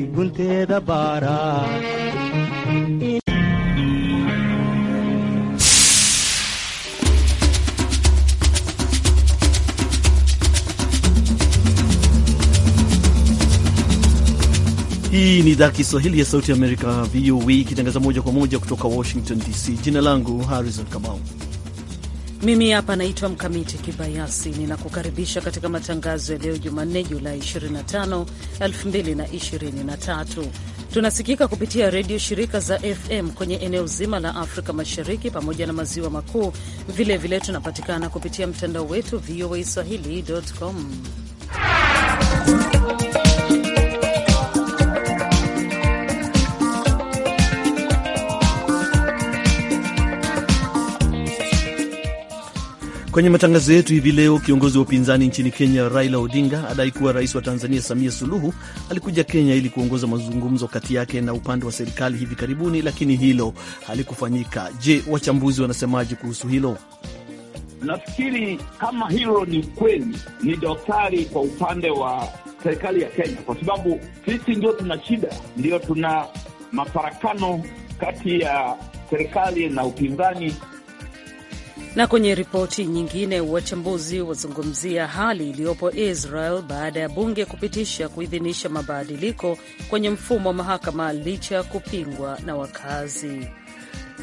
Hii ni idhaa Kiswahili ya Sauti ya Amerika, VOA, ikitangaza moja kwa moja kutoka Washington DC. Jina langu Harrison Kamau mimi hapa naitwa Mkamiti Kibayasi, ninakukaribisha katika matangazo ya leo Jumanne, Julai 25, 2023. Tunasikika kupitia redio shirika za FM kwenye eneo zima la Afrika Mashariki pamoja na maziwa makuu. Vilevile tunapatikana kupitia mtandao wetu VOA swahili.com Kwenye matangazo yetu hivi leo, kiongozi wa upinzani nchini Kenya Raila Odinga adai kuwa rais wa Tanzania Samia Suluhu alikuja Kenya ili kuongoza mazungumzo kati yake na upande wa serikali hivi karibuni, lakini hilo halikufanyika. Je, wachambuzi wanasemaje kuhusu hilo? Nafikiri kama hilo ni kweli, ni dosari kwa upande wa serikali ya Kenya, kwa sababu sisi ndio tuna shida, ndio tuna mafarakano kati ya serikali na upinzani na kwenye ripoti nyingine, wachambuzi wazungumzia hali iliyopo Israel baada ya bunge kupitisha kuidhinisha mabadiliko kwenye mfumo wa mahakama licha ya kupingwa na wakazi.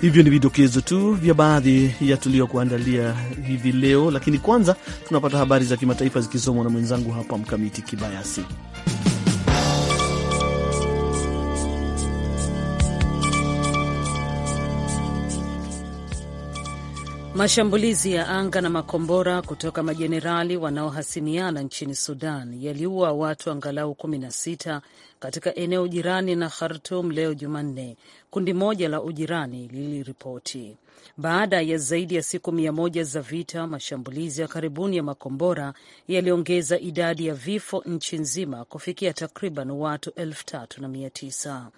Hivyo ni vidokezo tu vya baadhi ya tuliyokuandalia hivi leo, lakini kwanza tunapata habari za kimataifa zikisomwa na mwenzangu hapa Mkamiti Kibayasi. Mashambulizi ya anga na makombora kutoka majenerali wanaohasimiana nchini Sudan yaliua watu angalau 16 katika eneo jirani na Khartum leo Jumanne, kundi moja la ujirani liliripoti. Baada ya zaidi ya siku mia moja za vita, mashambulizi ya karibuni ya makombora yaliongeza idadi ya vifo nchi nzima kufikia takriban watu elfu tatu na mia tisa.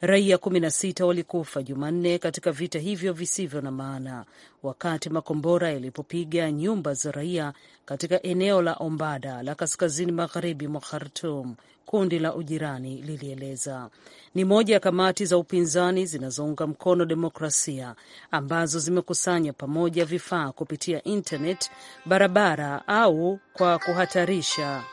Raia 16 walikufa Jumanne katika vita hivyo visivyo na maana, wakati makombora yalipopiga nyumba za raia katika eneo la Ombada la kaskazini magharibi mwa Khartum kundi la Ujirani lilieleza. Ni moja ya kamati za upinzani zinazounga mkono demokrasia ambazo zimekusanya pamoja vifaa kupitia intanet, barabara au kwa kuhatarisha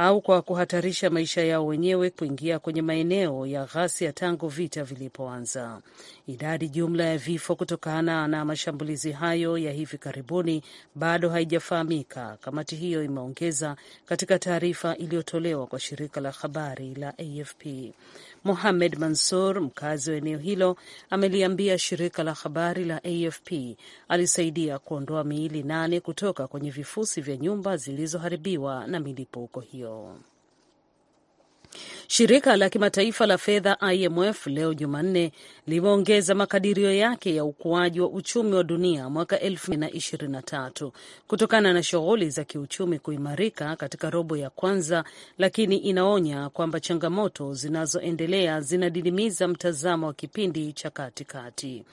au kwa kuhatarisha maisha yao wenyewe kuingia kwenye maeneo ya ghasia tangu vita vilipoanza. Idadi jumla ya vifo kutokana na mashambulizi hayo ya hivi karibuni bado haijafahamika, kamati hiyo imeongeza katika taarifa iliyotolewa kwa shirika la habari la AFP muhamed Mansur, mkazi wa eneo hilo, ameliambia shirika la habari la AFP alisaidia kuondoa miili nane kutoka kwenye vifusi vya nyumba zilizoharibiwa na milipuko hiyo. Shirika la kimataifa la fedha IMF leo Jumanne limeongeza makadirio yake ya ukuaji wa uchumi wa dunia mwaka 2023 kutokana na shughuli za kiuchumi kuimarika katika robo ya kwanza, lakini inaonya kwamba changamoto zinazoendelea zinadidimiza mtazamo wa kipindi cha katikati.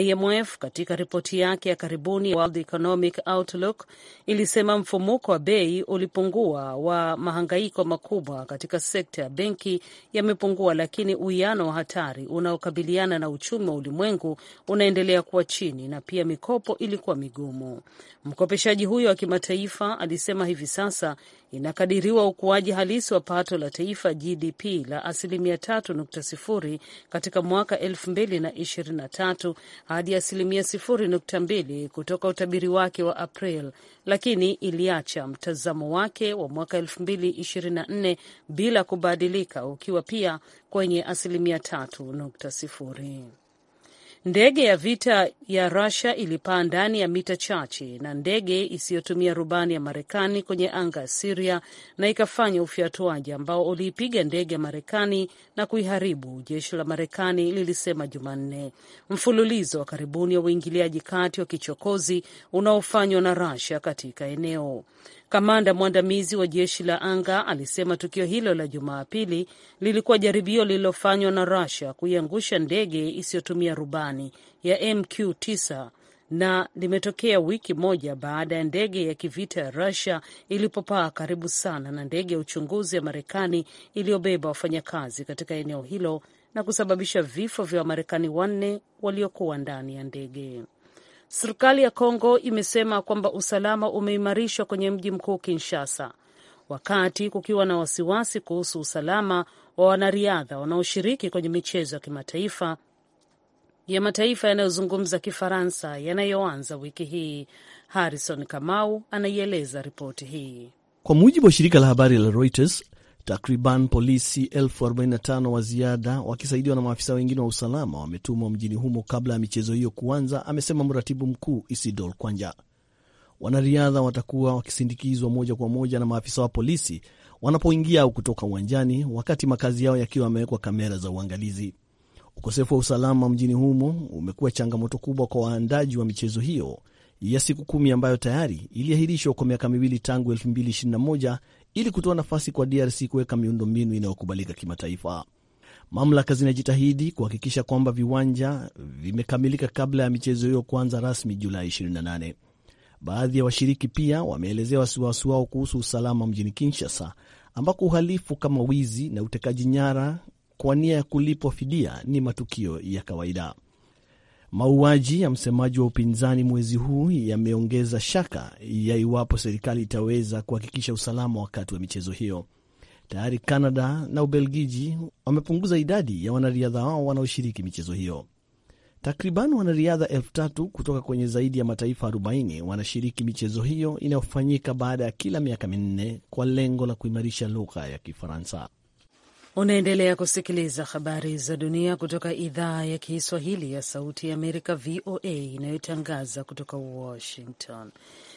IMF katika ripoti yake ya karibuni World Economic Outlook ilisema mfumuko wa bei ulipungua wa mahangaiko makubwa katika sekta sekta ya benki yamepungua, lakini uwiano wa hatari unaokabiliana na uchumi wa ulimwengu unaendelea kuwa chini na pia mikopo ilikuwa migumu. Mkopeshaji huyo wa kimataifa alisema hivi sasa inakadiriwa ukuaji halisi wa pato la taifa GDP la asilimia 3.0 katika mwaka 2023 hadi asilimia 0.2 kutoka utabiri wake wa April, lakini iliacha mtazamo wake wa mwaka 2024 bila kubadilika ukiwa pia kwenye asilimia 3.0. Ndege ya vita ya Russia ilipaa ndani ya mita chache na ndege isiyotumia rubani ya Marekani kwenye anga ya Siria na ikafanya ufyatuaji ambao uliipiga ndege ya Marekani na kuiharibu, jeshi la Marekani lilisema Jumanne. Mfululizo wa karibuni wa uingiliaji kati wa kichokozi unaofanywa na Russia katika eneo Kamanda mwandamizi wa jeshi la anga alisema tukio hilo la Jumapili lilikuwa jaribio lililofanywa na Russia kuiangusha ndege isiyotumia rubani Marekani ya MQ-9 na limetokea wiki moja baada ya ndege ya kivita ya Rusia ilipopaa karibu sana na ndege ya uchunguzi ya Marekani iliyobeba wafanyakazi katika eneo hilo na kusababisha vifo vya Wamarekani wanne waliokuwa ndani ya ndege. Serikali ya Kongo imesema kwamba usalama umeimarishwa kwenye mji mkuu Kinshasa, wakati kukiwa na wasiwasi kuhusu usalama wa wanariadha wanaoshiriki kwenye michezo ya kimataifa ya mataifa yanayozungumza Kifaransa yanayoanza wiki hii. Harrison Kamau anaieleza ripoti hii. Kwa mujibu wa shirika la habari la Reuters, takriban polisi 45 wa ziada wakisaidiwa na maafisa wengine wa usalama wametumwa mjini humo kabla ya michezo hiyo kuanza, amesema mratibu mkuu Isidol Kwanja. Wanariadha watakuwa wakisindikizwa moja kwa moja na maafisa wa polisi wanapoingia au kutoka uwanjani, wakati makazi yao yakiwa yamewekwa kamera za uangalizi. Ukosefu wa usalama mjini humo umekuwa changamoto kubwa kwa waandaji wa michezo hiyo ya siku kumi ambayo tayari iliahirishwa kwa miaka miwili tangu 2021 ili kutoa nafasi kwa DRC kuweka miundombinu inayokubalika kimataifa. Mamlaka zinajitahidi kuhakikisha kwamba viwanja vimekamilika kabla ya michezo hiyo kuanza rasmi Julai 28. Baadhi ya washiriki pia wameelezea wasiwasi wao kuhusu usalama mjini Kinshasa, ambako uhalifu kama wizi na utekaji nyara kwa nia ya kulipwa fidia ni matukio ya kawaida. Mauaji ya msemaji wa upinzani mwezi huu yameongeza shaka ya iwapo serikali itaweza kuhakikisha usalama wakati wa michezo hiyo. Tayari canada na Ubelgiji wamepunguza idadi ya wanariadha wao wanaoshiriki michezo hiyo. Takriban wanariadha elfu tatu kutoka kwenye zaidi ya mataifa 40 wanashiriki michezo hiyo inayofanyika baada ya kila miaka minne kwa lengo la kuimarisha lugha ya Kifaransa. Unaendelea kusikiliza habari za dunia kutoka idhaa ya Kiswahili ya Sauti ya Amerika, VOA, inayotangaza kutoka Washington.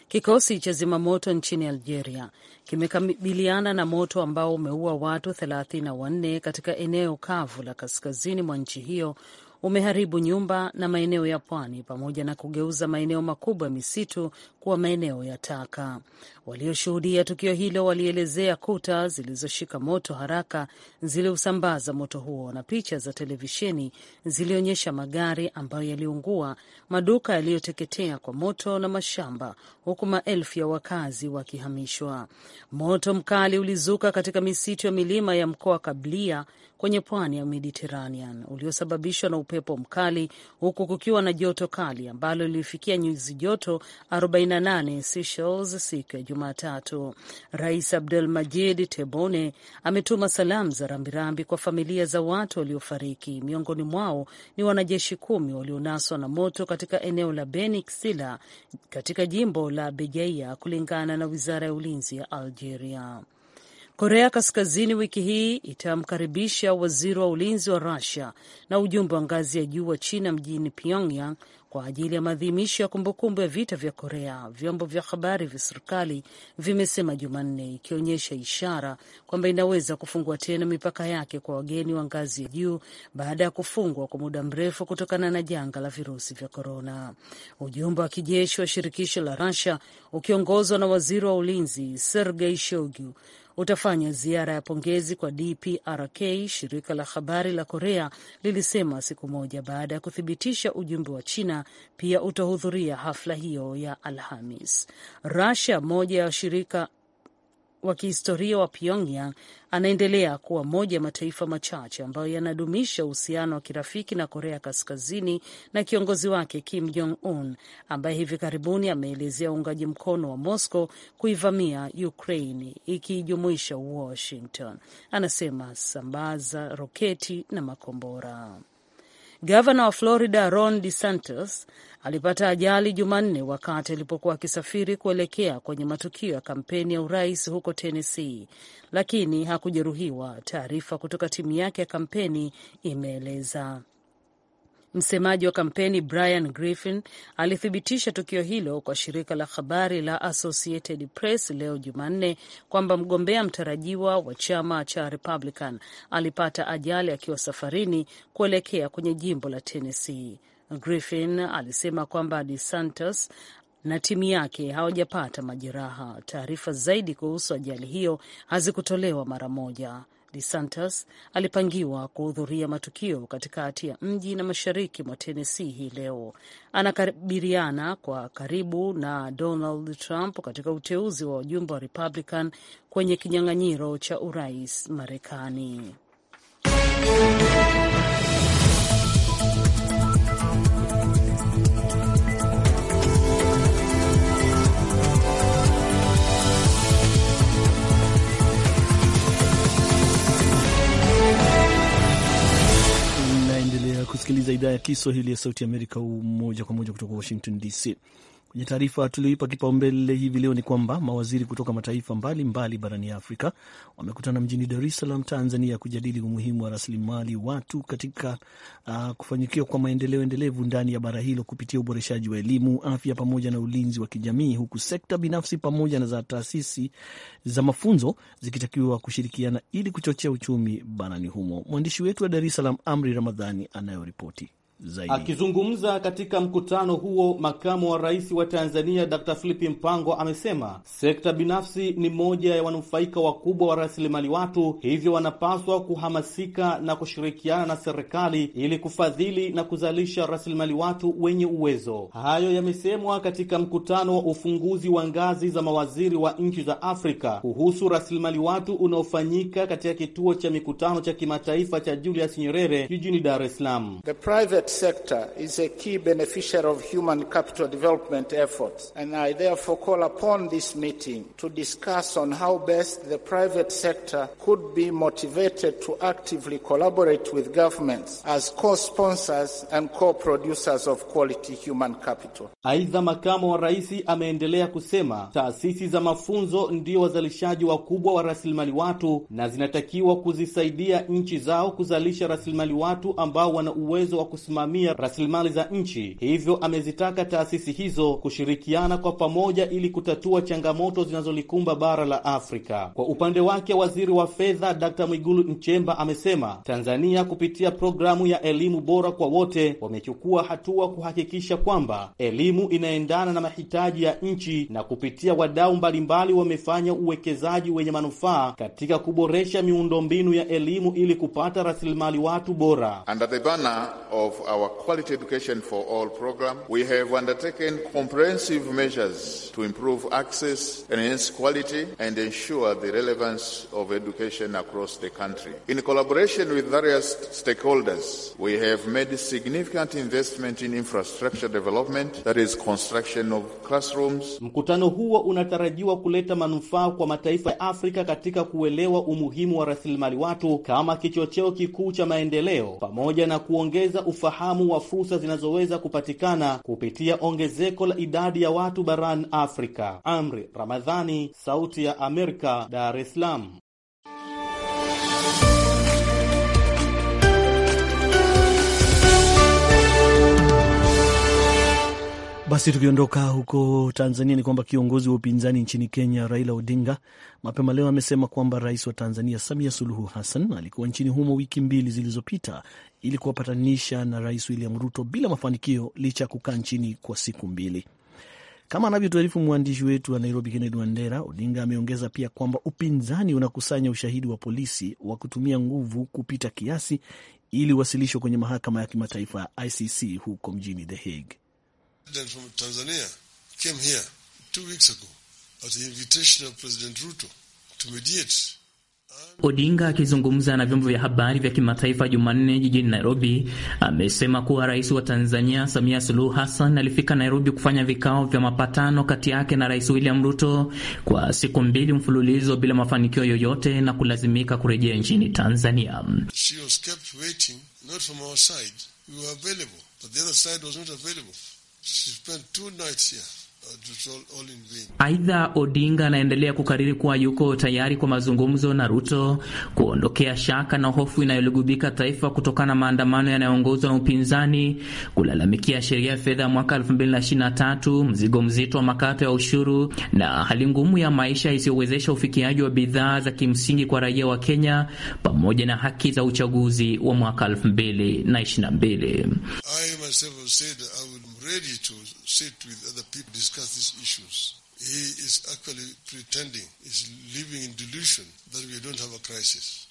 Kikosi cha zimamoto nchini Algeria kimekabiliana na moto ambao umeua watu 34 katika eneo kavu la kaskazini mwa nchi hiyo, umeharibu nyumba na maeneo ya pwani pamoja na kugeuza maeneo makubwa ya misitu kuwa maeneo ya taka. Walioshuhudia tukio hilo walielezea kuta zilizoshika moto haraka ziliusambaza moto huo, na picha za televisheni zilionyesha magari ambayo yaliungua, maduka yaliyoteketea kwa moto na mashamba, huku maelfu ya wakazi wakihamishwa. Moto mkali ulizuka katika misitu ya milima ya mkoa Kablia kwenye pwani ya Mediterranean uliosababishwa na upepo mkali, huku kukiwa na joto kali ambalo lilifikia nyuzi joto 48 Celsius siku ya Jumatatu. Rais Abdul Majid Tebone ametuma salamu za rambirambi kwa familia za watu waliofariki, miongoni mwao ni wanajeshi kumi walionaswa na moto katika eneo la Beni Ksila katika jimbo la Bejaia, kulingana na wizara ya ulinzi ya Algeria. Korea Kaskazini wiki hii itamkaribisha waziri wa ulinzi wa Rusia na ujumbe wa ngazi ya juu wa China mjini Pyongyang kwa ajili ya maadhimisho ya kumbukumbu ya vita vya Korea, vyombo vya habari vya serikali vimesema Jumanne, ikionyesha ishara kwamba inaweza kufungua tena mipaka yake kwa wageni wa ngazi ya juu baada ya kufungwa kwa muda mrefu kutokana na janga la virusi vya korona. Ujumbe wa kijeshi wa shirikisho la Russia ukiongozwa na waziri wa ulinzi Sergei Shoigu utafanya ziara ya pongezi kwa DPRK, shirika la habari la Korea lilisema siku moja baada ya kuthibitisha ujumbe wa China pia utahudhuria hafla hiyo ya Alhamis. Rasia, moja ya shirika wa kihistoria wa Pyongyang anaendelea kuwa moja ya mataifa machache ambayo yanadumisha uhusiano wa kirafiki na Korea Kaskazini na kiongozi wake Kim Jong Un ambaye hivi karibuni ameelezea uungaji mkono wa Moscow kuivamia Ukraine ikiijumuisha Washington. Anasema sambaza roketi na makombora. Gavana wa Florida Ron DeSantis alipata ajali Jumanne wakati alipokuwa akisafiri kuelekea kwenye matukio ya kampeni ya urais huko Tennessee, lakini hakujeruhiwa, taarifa kutoka timu yake ya kampeni imeeleza. Msemaji wa kampeni Brian Griffin alithibitisha tukio hilo kwa shirika la habari la Associated Press leo Jumanne kwamba mgombea mtarajiwa wa chama cha Republican alipata ajali akiwa safarini kuelekea kwenye jimbo la Tennessee. Griffin alisema kwamba DeSantis na timu yake hawajapata majeraha. Taarifa zaidi kuhusu ajali hiyo hazikutolewa mara moja. DeSantis alipangiwa kuhudhuria matukio katikati ya mji na mashariki mwa Tennessee hii leo. anakabiriana kwa karibu na Donald Trump katika uteuzi wa wajumbe wa Republican kwenye kinyang'anyiro cha urais Marekani. kusikiliza idhaa ya Kiswahili ya Sauti ya Amerika moja kwa moja kutoka Washington DC. Kwenye taarifa tulioipa kipaumbele hivi leo ni kwamba mawaziri kutoka mataifa mbalimbali mbali barani Afrika wamekutana mjini Dar es Salaam, Tanzania, kujadili umuhimu wa rasilimali watu katika uh, kufanyikiwa kwa maendeleo endelevu ndani ya bara hilo kupitia uboreshaji wa elimu, afya pamoja na ulinzi wa kijamii, huku sekta binafsi pamoja na za taasisi za mafunzo zikitakiwa kushirikiana ili kuchochea uchumi barani humo. Mwandishi wetu wa Dar es Salaam, Amri Ramadhani, anayoripoti zaidi. Akizungumza katika mkutano huo, makamu wa rais wa Tanzania Dr. Philip Mpango amesema sekta binafsi ni moja ya wanufaika wakubwa wa rasilimali watu, hivyo wanapaswa kuhamasika na kushirikiana na serikali ili kufadhili na kuzalisha rasilimali watu wenye uwezo. Hayo yamesemwa katika mkutano wa ufunguzi wa ngazi za mawaziri wa nchi za Afrika kuhusu rasilimali watu unaofanyika katika kituo cha mikutano cha kimataifa cha Julius Nyerere jijini Dar es Salaam. The private sector is a key beneficiary of human capital development efforts, and I therefore call upon this meeting to discuss on how best the private sector could be motivated to actively collaborate with governments as co-sponsors and co-producers of quality human capital. Aidha, makamu wa rais ameendelea kusema taasisi za mafunzo ndio wazalishaji wakubwa wa, wa rasilimali watu na zinatakiwa kuzisaidia nchi zao kuzalisha rasilimali watu ambao wana uwezo wa kus kusimamia rasilimali za nchi, hivyo amezitaka taasisi hizo kushirikiana kwa pamoja ili kutatua changamoto zinazolikumba bara la Afrika. Kwa upande wake, waziri wa fedha Dr. Mwigulu Nchemba amesema Tanzania kupitia programu ya elimu bora kwa wote wamechukua hatua kuhakikisha kwamba elimu inaendana na mahitaji ya nchi na kupitia wadau mbalimbali wamefanya uwekezaji wenye manufaa katika kuboresha miundombinu ya elimu ili kupata rasilimali watu bora. Under the banner of our quality education for all program, we have undertaken comprehensive measures to improve access, enhance quality, and ensure the relevance of education across the country. In collaboration with various stakeholders, we have made significant investment in infrastructure development, that is construction of classrooms. Mkutano huo unatarajiwa kuleta manufaa kwa mataifa ya Afrika katika kuelewa umuhimu wa rasilimali watu kama kichocheo kikuu cha maendeleo pamoja na kuongeza ufahamu kufahamu wa fursa zinazoweza kupatikana kupitia ongezeko la idadi ya watu barani Afrika. Amri Ramadhani, Sauti ya Amerika, Dar es Salaam. Basi tukiondoka huko Tanzania, ni kwamba kiongozi wa upinzani nchini Kenya Raila Odinga mapema leo amesema kwamba rais wa Tanzania Samia Suluhu Hassan alikuwa nchini humo wiki mbili zilizopita ili kuwapatanisha na Rais William Ruto bila mafanikio, licha ya kukaa nchini kwa siku mbili. Kama anavyotuarifu mwandishi wetu wa Nairobi Kennedy Wandera, Odinga ameongeza pia kwamba upinzani unakusanya ushahidi wa polisi wa kutumia nguvu kupita kiasi ili wasilishwe kwenye mahakama ya kimataifa ya ICC huko mjini The Hague. President from Tanzania came here two weeks ago at the invitation of President Ruto to mediate. Odinga akizungumza na vyombo vya habari vya kimataifa Jumanne jijini Nairobi amesema kuwa rais wa Tanzania Samia Suluhu Hassan alifika Nairobi kufanya vikao vya mapatano kati yake na rais William Ruto kwa siku mbili mfululizo bila mafanikio yoyote na kulazimika kurejea nchini Tanzania. She was kept waiting, not from our side. We were available, but the other side was not available. She spent two nights here. Aidha, Odinga anaendelea kukariri kuwa yuko tayari kwa mazungumzo na Ruto kuondokea shaka na hofu inayolugubika taifa kutokana na maandamano yanayoongozwa na upinzani, kulalamikia sheria ya fedha mwaka 2023, mzigo mzito wa makato ya ushuru na hali ngumu ya maisha isiyowezesha ufikiaji wa bidhaa za kimsingi kwa raia wa Kenya, pamoja na haki za uchaguzi wa mwaka 2022. discuss these issues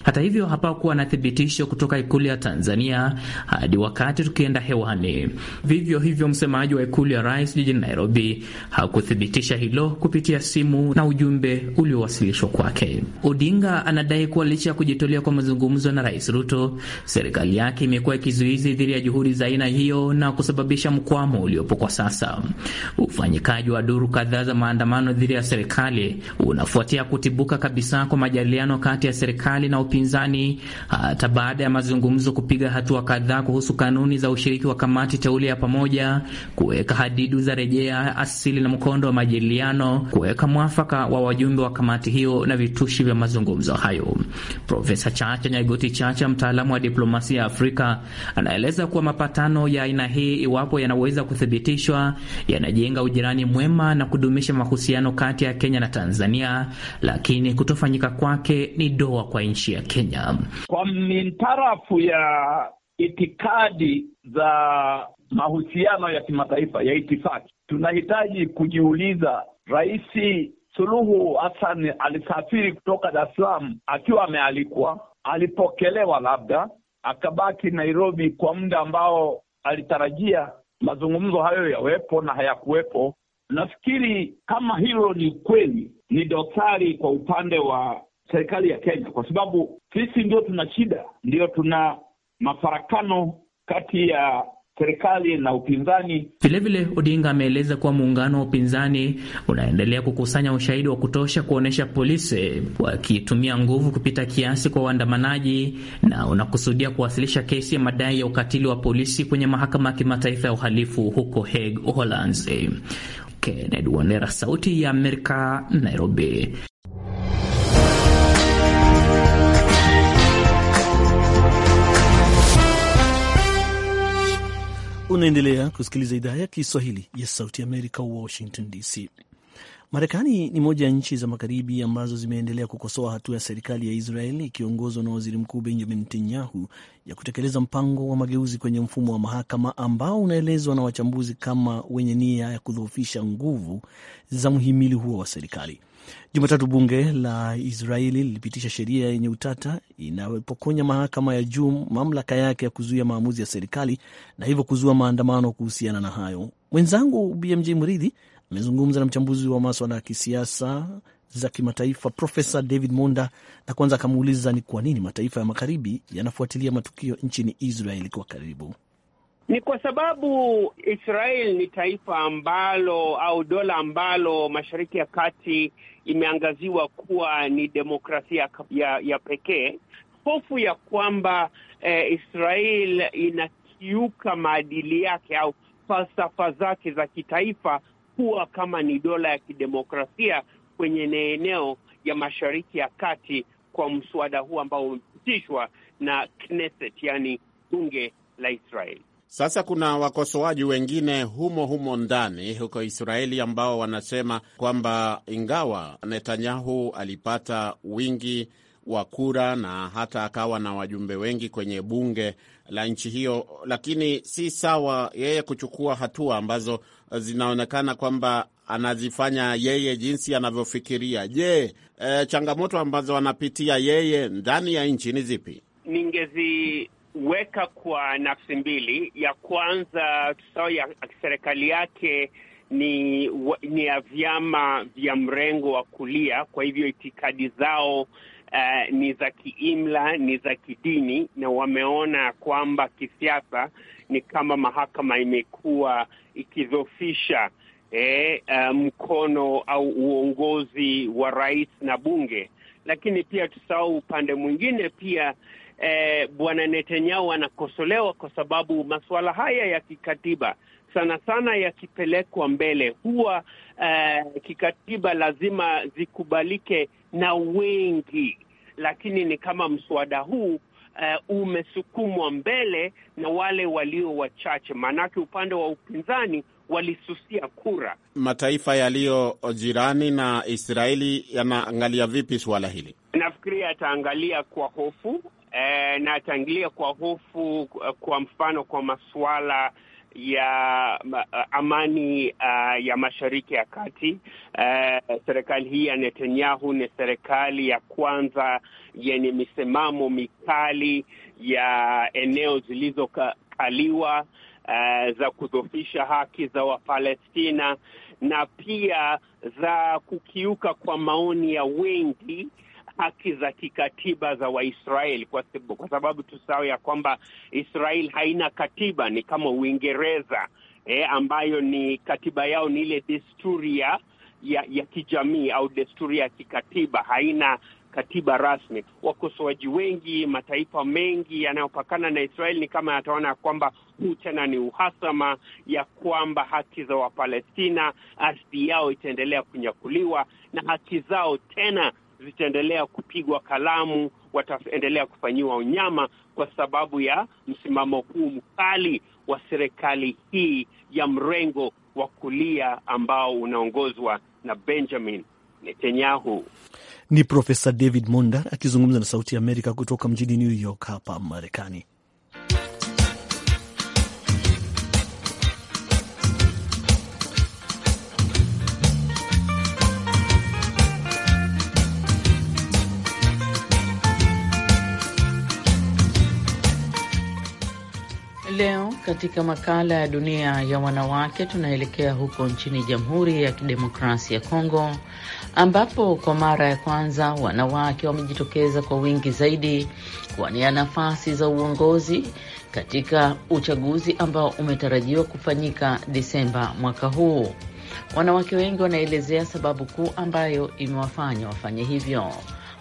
Hata hivyo hapakuwa na thibitisho kutoka ikulu ya Tanzania hadi wakati tukienda hewani. Vivyo hivyo, msemaji wa ikulu ya rais jijini Nairobi hakuthibitisha hilo kupitia simu na ujumbe uliowasilishwa kwake. Odinga anadai kuwa licha ya kujitolea kwa mazungumzo na Rais Ruto, serikali yake imekuwa kizuizi dhidi ya juhudi za aina hiyo na kusababisha mkwamo uliopo kwa sasa. Ufanyikaji wa duru kadhaa za maandamano maandamano dhidi ya serikali unafuatia kutibuka kabisa kwa majadiliano kati ya serikali na upinzani, hata baada ya mazungumzo kupiga hatua kadhaa kuhusu kanuni za ushiriki wa kamati teule ya pamoja, kuweka hadidu za rejea asili na mkondo wa majadiliano, kuweka mwafaka wa wajumbe wa kamati hiyo na vitushi vya mazungumzo hayo. Profesa Chacha Nyagoti Chacha, mtaalamu wa diplomasia ya Afrika, anaeleza kuwa mapatano ya aina hii, iwapo yanaweza kuthibitishwa, yanajenga ujirani mwema na kudumisha uhusiano kati ya Kenya na Tanzania, lakini kutofanyika kwake ni doa kwa nchi ya Kenya. Kwa mintarafu ya itikadi za mahusiano ya kimataifa ya itifaki, tunahitaji kujiuliza Rais Suluhu Hassan alisafiri kutoka Dar es Salaam akiwa amealikwa, alipokelewa, labda akabaki Nairobi kwa muda ambao alitarajia mazungumzo hayo yawepo na hayakuwepo. Nafikiri kama hilo ni kweli, ni dosari kwa upande wa serikali ya Kenya, kwa sababu sisi ndio tuna shida, ndio tuna mafarakano kati ya serikali na upinzani. Vilevile, Odinga ameeleza kuwa muungano wa upinzani unaendelea kukusanya ushahidi wa kutosha kuonyesha polisi wakitumia nguvu kupita kiasi kwa waandamanaji na unakusudia kuwasilisha kesi ya madai ya ukatili wa polisi kwenye mahakama ya kimataifa ya uhalifu huko Hague, Uholanzi. Kennedy Wandera, Sauti ya Amerika, Nairobi. Unaendelea kusikiliza idhaa ya Kiswahili ya Sauti ya Amerika, Washington DC. Marekani ni moja ya nchi za magharibi ambazo zimeendelea kukosoa hatua ya serikali ya israel ikiongozwa na waziri mkuu Benjamin Netanyahu ya kutekeleza mpango wa mageuzi kwenye mfumo wa mahakama ambao unaelezwa na wachambuzi kama wenye nia ya kudhoofisha nguvu za mhimili huo wa serikali. Jumatatu, bunge la Israeli lilipitisha sheria yenye utata inayopokonya mahakama ya juu mamlaka yake ya kuzuia maamuzi ya serikali na hivyo kuzua maandamano kuhusiana na hayo. Mwenzangu BMJ Mridhi Amezungumza na mchambuzi wa maswala ya kisiasa za kimataifa Profesa David Monda, na kwanza akamuuliza ni kwa nini mataifa ya magharibi yanafuatilia matukio nchini Israeli kwa karibu. Ni kwa sababu Israel ni taifa ambalo au dola ambalo Mashariki ya Kati imeangaziwa kuwa ni demokrasia ya, ya pekee. Hofu ya kwamba eh, Israel inakiuka maadili yake au falsafa zake za kitaifa kuwa kama ni dola ya kidemokrasia kwenye eneo ya Mashariki ya Kati kwa mswada huu ambao umepitishwa na Knesset, yani bunge la Israeli. Sasa kuna wakosoaji wengine humo humo ndani huko Israeli ambao wanasema kwamba ingawa Netanyahu alipata wingi wa kura na hata akawa na wajumbe wengi kwenye bunge la nchi hiyo, lakini si sawa yeye kuchukua hatua ambazo eh, zinaonekana kwamba anazifanya yeye jinsi anavyofikiria. Je, e, changamoto ambazo anapitia yeye ndani ya nchi ni zipi? Ningeziweka kwa nafsi mbili. Ya kwanza sawa, ya serikali yake ni, ni ya vyama vya mrengo wa kulia, kwa hivyo itikadi zao uh, ni za kiimla, ni za kidini, na wameona kwamba kisiasa ni kama mahakama imekuwa ikidhofisha eh, uh, mkono au uongozi wa rais na bunge. Lakini pia tusahau upande mwingine pia eh, Bwana Netanyahu anakosolewa kwa sababu masuala haya ya kikatiba sana sana yakipelekwa mbele huwa uh, kikatiba lazima zikubalike na wengi, lakini ni kama mswada huu uh, umesukumwa mbele na wale walio wachache, maanake upande wa upinzani walisusia kura. Mataifa yaliyo jirani na Israeli yanaangalia vipi suala hili? Nafikiria yataangalia kwa hofu eh, na ataangalia kwa hofu, eh, kwa mfano kwa masuala ya uh, amani uh, ya Mashariki ya Kati. Uh, serikali hii ya Netanyahu ni serikali ya kwanza yenye misimamo mikali ya eneo zilizokaliwa uh, za kudhofisha haki za Wapalestina na pia za kukiuka kwa maoni ya wengi haki za kikatiba za Waisraeli, kwa, kwa sababu tusawe ya kwamba Israeli haina katiba, ni kama Uingereza eh, ambayo ni katiba yao ni ile desturi ya, ya kijamii au desturi ya kikatiba, haina katiba rasmi. Wakosoaji wengi, mataifa mengi yanayopakana na Israeli ni kama yataona ya kwamba huu tena ni uhasama, ya kwamba haki za Wapalestina, ardhi yao itaendelea kunyakuliwa na haki zao tena zitaendelea kupigwa kalamu, wataendelea kufanyiwa unyama kwa sababu ya msimamo huu mkali wa serikali hii ya mrengo wa kulia ambao unaongozwa na Benjamin Netanyahu. Ni Profesa David Monda akizungumza na Sauti ya Amerika kutoka mjini New York hapa Marekani. katika makala ya dunia ya wanawake, tunaelekea huko nchini Jamhuri ya Kidemokrasia ya Kongo, ambapo kwa mara ya kwanza wanawake wamejitokeza kwa wingi zaidi kuwania nafasi za uongozi katika uchaguzi ambao umetarajiwa kufanyika Disemba mwaka huu. Wanawake wengi wanaelezea sababu kuu ambayo imewafanya wafanye hivyo.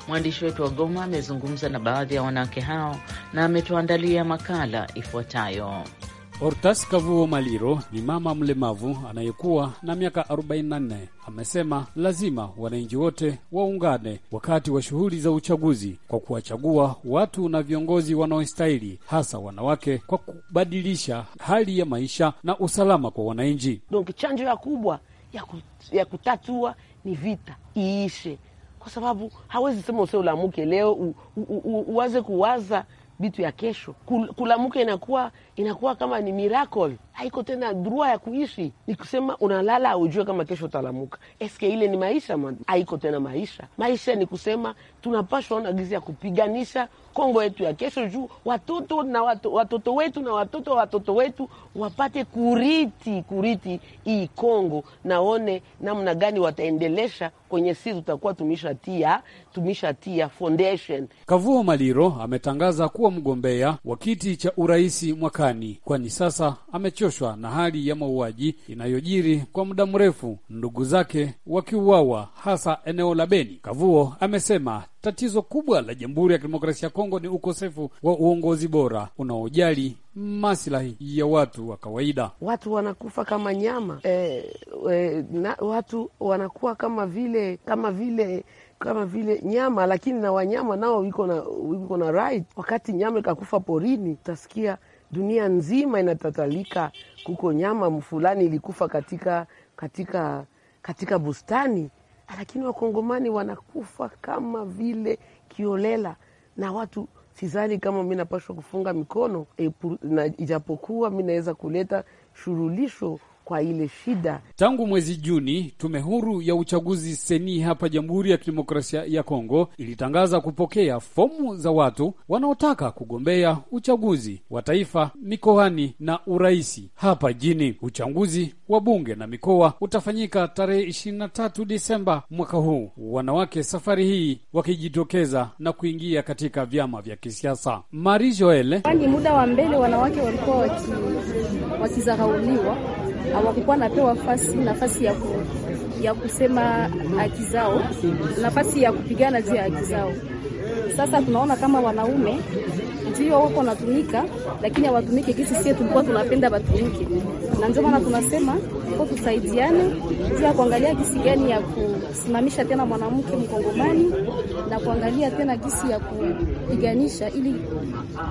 Mwandishi wetu wa Goma amezungumza na baadhi ya wanawake hao na ametuandalia makala ifuatayo. Hortas Kavuo Maliro ni mama mlemavu anayekuwa na miaka 44. Amesema lazima wananchi wote waungane wakati wa shughuli za uchaguzi kwa kuwachagua watu na viongozi wanaostahili, hasa wanawake, kwa kubadilisha hali ya maisha na usalama kwa wananchi. Donc chanjo ya kubwa ya, ku, ya kutatua ni vita iishe, kwa sababu hawezi sema usee ulamuke leo uwaze kuwaza bitu ya kesho. Kulamuka inakuwa inakuwa kama ni miracle haiko tena drua ya kuishi, ni kusema unalala aujue kama kesho utalamuka. Eske ile ni maisha? Haiko tena maisha. Maisha ni kusema tunapashwa ona gizi ya kupiganisha Kongo yetu ya kesho, juu watoto na watu, watoto wetu na watoto wa watoto wetu wapate kuriti kuriti hii Kongo, naone namna gani wataendelesha kwenye sisi tutakuwa tumeshatia tumeshatia foundation. Kavuo Maliro ametangaza kuwa mgombea wa kiti cha urais mwakani, kwani sasa amechu kuchoshwa na hali ya mauaji inayojiri kwa muda mrefu, ndugu zake wakiuawa hasa eneo la Beni. Kavuo amesema tatizo kubwa la Jamhuri ya Kidemokrasia ya Kongo ni ukosefu wa uongozi bora unaojali masilahi ya watu wa kawaida. Watu wanakufa kama nyama e, e, na, watu wanakuwa kama vile kama vile kama vile nyama, lakini na wanyama nao wiko na right. Wakati nyama ikakufa porini, utasikia dunia nzima inatatalika, kuko nyama fulani ilikufa katika, katika, katika bustani, lakini wakongomani wanakufa kama vile kiolela na watu Sidhani kama mi napashwa kufunga mikono e, na, ijapokuwa mi naweza kuleta shurulisho kwa ile shida. Tangu mwezi Juni, tume huru ya uchaguzi seni hapa Jamhuri ya Kidemokrasia ya Kongo ilitangaza kupokea fomu za watu wanaotaka kugombea uchaguzi wa taifa, mikoani na uraisi hapa jini. Uchaguzi wa bunge na mikoa utafanyika tarehe 23 Disemba mwaka huu, wanawake safari hii wakijitokeza na kuingia katika vyama vya kisiasa. Mari Joel: muda wa mbele wanawake walikuwa wakizarauliwa hawakukuwa napewa nafasi nafasi ya, ku, ya kusema haki zao, nafasi ya kupigana juu ya haki zao. Sasa tunaona kama wanaume ndio wako wanatumika, lakini hawatumiki kisi sisi tulikuwa tunapenda watumike, na ndio maana tunasema kwa tusaidiane, pia kuangalia kisi gani ya kusimamisha tena mwanamke mkongomani na kuangalia tena kisi ya kupiganisha ili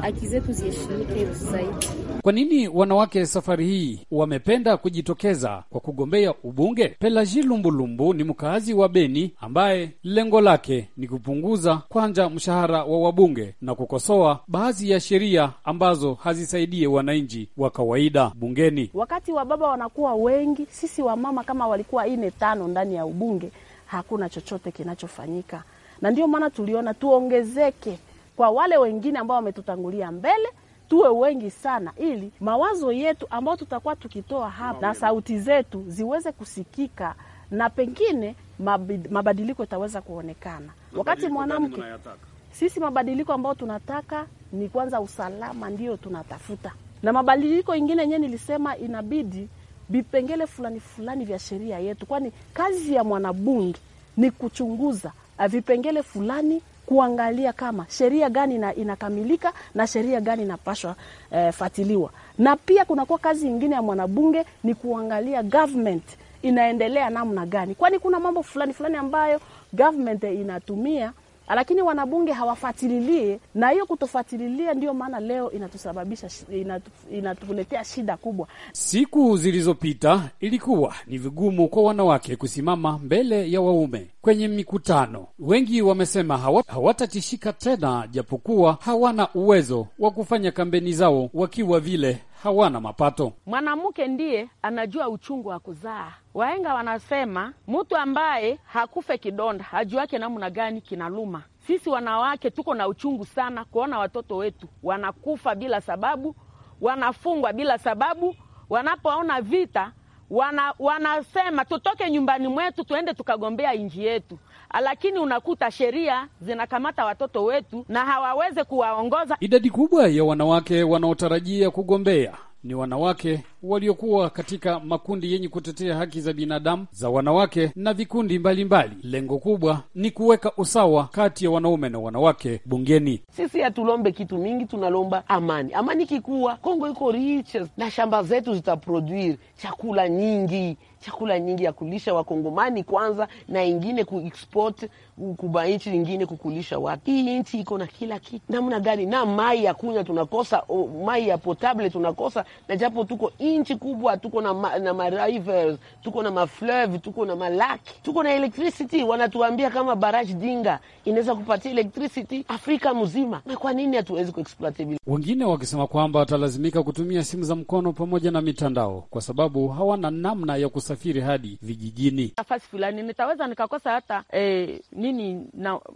haki zetu ziheshimike zaidi. Kwa nini wanawake safari hii wamependa kujitokeza kwa kugombea ubunge? Pelaji Lumbulumbu ni mkazi wa Beni ambaye lengo lake ni kupunguza kwanja kuvunja mshahara wa wabunge na kukosoa baadhi ya sheria ambazo hazisaidie wananchi wa kawaida bungeni. Wakati wa baba wanakuwa wengi, sisi wamama kama walikuwa ine tano ndani ya ubunge, hakuna chochote kinachofanyika, na ndio maana tuliona tuongezeke kwa wale wengine ambao wametutangulia mbele tuwe wengi sana ili mawazo yetu ambayo tutakuwa tukitoa hapa na sauti zetu ziweze kusikika na pengine mabadiliko itaweza kuonekana. Wakati mwanamke, sisi mabadiliko ambayo tunataka ni kwanza usalama, ndio tunatafuta, na mabadiliko ingine yenyewe nilisema inabidi vipengele fulani fulani vya sheria yetu, kwani kazi ya mwanabunge ni kuchunguza eh, vipengele fulani kuangalia kama sheria gani na inakamilika na sheria gani inapashwa eh, fatiliwa. Na pia kunakuwa kazi ingine ya mwanabunge ni kuangalia government inaendelea namna gani, kwani kuna mambo fulani fulani ambayo government inatumia lakini wanabunge hawafatililie, na hiyo kutofatililia ndiyo maana leo inatusababisha inatu, inatuletea shida kubwa. Siku zilizopita ilikuwa ni vigumu kwa wanawake kusimama mbele ya waume kwenye mikutano. Wengi wamesema hawatatishika tena, japokuwa hawana uwezo wa kufanya kampeni zao wakiwa vile hawana mapato. Mwanamke ndiye anajua uchungu wa kuzaa. Wahenga wanasema mtu ambaye hakufe kidonda hajuake namna gani kinaluma. Sisi wanawake tuko na uchungu sana kuona watoto wetu wanakufa bila sababu, wanafungwa bila sababu, wanapoona vita wana, wanasema tutoke nyumbani mwetu tuende tukagombea inji yetu, lakini unakuta sheria zinakamata watoto wetu na hawaweze kuwaongoza. Idadi kubwa ya wanawake wanaotarajia kugombea ni wanawake waliokuwa katika makundi yenye kutetea haki za binadamu za wanawake na vikundi mbalimbali. Lengo kubwa ni kuweka usawa kati ya wanaume na wanawake bungeni. Sisi hatulombe kitu mingi, tunalomba amani. Amani kikuwa Kongo iko riches na shamba zetu zitaproduire chakula nyingi chakula nyingi ya kulisha Wakongomani kwanza na ingine kuexport kuba nchi nyingine kukulisha watu. Hii nchi iko na kila kitu, namna gani? Na mai ya kunywa tunakosa, mai ya potable tunakosa, na japo tuko nchi kubwa, tuko na, ma, na marivers tuko na mafleve tuko na malaki, tuko na electricity. Wanatuambia kama barrage Dinga inaweza kupatia electricity Afrika mzima, na kwa nini hatuwezi kuexploit? Wengine wakisema kwamba watalazimika kutumia simu za mkono pamoja na mitandao kwa sababu hawana namna ya kusa kusafiri hadi vijijini. Nafasi fulani nitaweza nikakosa hata e, nini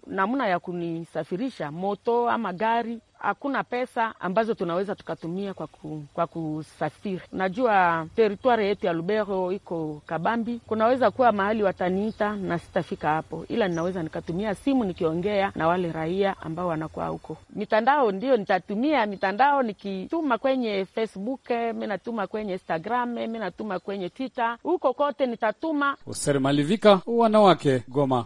namna na ya kunisafirisha moto ama gari hakuna pesa ambazo tunaweza tukatumia kwa, ku, kwa kusafiri. Unajua teritwari yetu ya Lubero iko kabambi, kunaweza kuwa mahali wataniita na sitafika hapo, ila ninaweza nikatumia simu nikiongea na wale raia ambao wanakuwa huko. Mitandao ndio nitatumia mitandao, nikituma kwenye Facebook, mi natuma kwenye Instagram, mi natuma kwenye Twitter, huko kote nitatuma. User Malivika, wanawake Goma.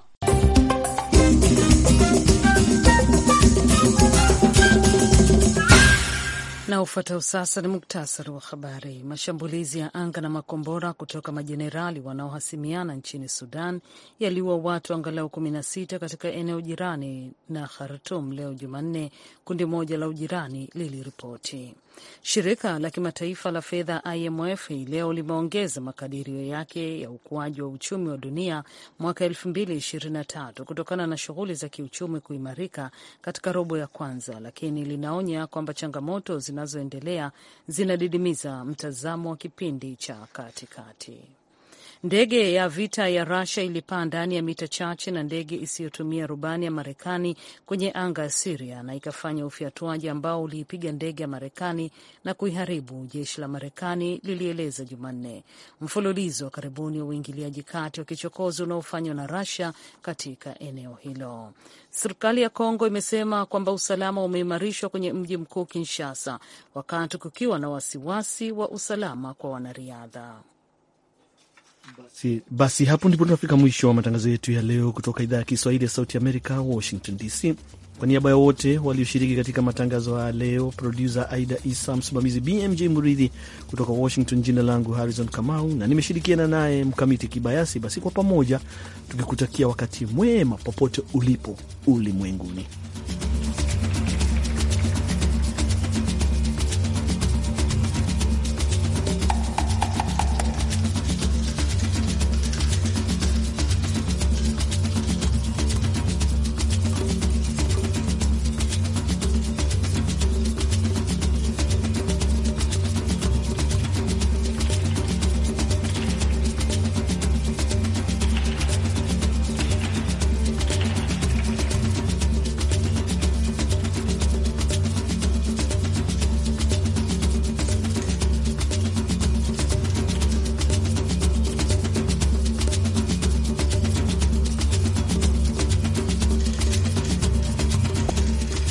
Na ufuatao sasa ni muktasari wa habari. Mashambulizi ya anga na makombora kutoka majenerali wanaohasimiana nchini Sudan yaliua watu angalau kumi na sita katika eneo jirani na Khartum leo Jumanne, kundi moja la ujirani liliripoti. Shirika la kimataifa la fedha IMF leo limeongeza makadirio yake ya ukuaji wa uchumi wa dunia mwaka 2023 kutokana na shughuli za kiuchumi kuimarika katika robo ya kwanza, lakini linaonya kwamba changamoto zinazoendelea zinadidimiza mtazamo wa kipindi cha katikati kati. Ndege ya vita ya Russia ilipaa ndani ya mita chache na ndege isiyotumia rubani ya Marekani kwenye anga ya Siria na ikafanya ufyatuaji ambao uliipiga ndege ya Marekani na kuiharibu, jeshi la Marekani lilieleza Jumanne, mfululizo wa karibuni wa uingiliaji kati wa kichokozi unaofanywa na rasia katika eneo hilo. Serikali ya Kongo imesema kwamba usalama umeimarishwa kwenye mji mkuu Kinshasa, wakati kukiwa na wasiwasi wa usalama kwa wanariadha. Basi, basi hapo ndipo tunafika mwisho wa matangazo yetu ya leo kutoka idhaa ya Kiswahili ya Sauti Amerika, Washington DC. Kwa niaba ya wote walioshiriki katika matangazo haya leo, produsa Aida Isa, msimamizi BMJ Muridhi kutoka Washington, jina langu Harrison Kamau na nimeshirikiana naye Mkamiti Kibayasi. Basi kwa pamoja tukikutakia wakati mwema popote ulipo ulimwenguni.